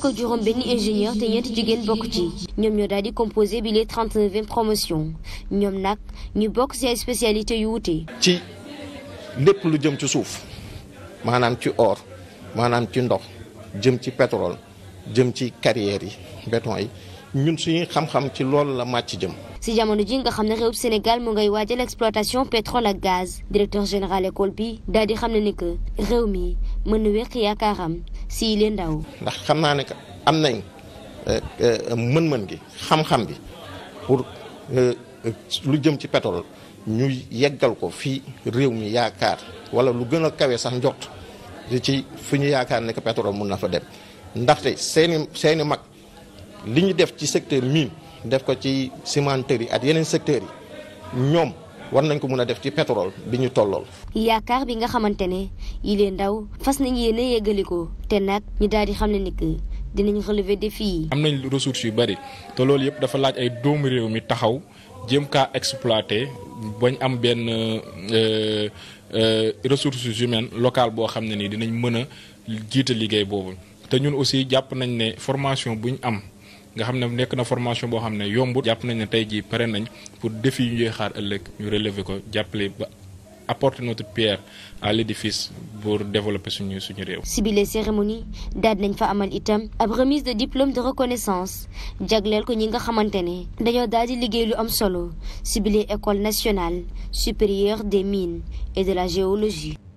ko juróom benn ingénieur te ñeenti jigéen bokk ci ñoom ñoo daal di composé bi les trente neuvième ñoom nag ñu bokk ci ay spécialité yu wute. ci lépp lu jëm ci suuf maanaam ci or maanaam ci ndox jëm ci pétrole jëm ci carrières yi béton yi ñun suñuy xam-xam ci loolu la màcc jëm. si jamono ji nga xam ne réewum Sénégal mu ngay waajal exploitation pétrole ak gaz directeur général école bi daal di xam ne ni réew mi. mën na wéq yaakaaram si leen ndaw. ndax xam naa ne am nañ euh, euh, mën-mën gi xam-xam bi pour euh, lu jëm ci pétrole ñu yeggal ko fii réew mi yaakaar wala lu gën a kawe sax njort ci fi ñu yaakaar ne que pétrole mun na fa dem ndaxte seeni seeni mag li ñu def ci secteur mine def ko ci cimenterie yi ak yeneen secteurs yi ñoom. war nañ ko mën a def ci pétrole bi ñu tollool. yaakaar bi nga xamante ne yile ndaw fas nañ yéene yeggali ko te nag ñu daal xam ne ni que dinañ relever défi yi. am nañ resource yu bari te loolu yëpp dafa laaj ay doomu réew mi taxaw jéem kaa exploité bañ am benn euh, euh, ressources humaines locales boo xam ne nii dinañ mën a jiite liggéey boobu te ñun aussi jàpp nañ ne formation bu ñu am. nga xam ne nekk na formation boo xam ne yombut jàpp nañ ne tey jii pare nañ pour défi yu ñuy xaar ëllëg ñu relever ko jàppale ba apporter notre pierre à l'édifice pour développer suñu suñu réew. si bile cérémonie daal nañ fa amal itam ab remise de diplôme de reconnaissance jagleel ko ñi nga xamante ne dañoo daal di liggéey lu am solo si bile école nationale supérieure des mines et de la géologie.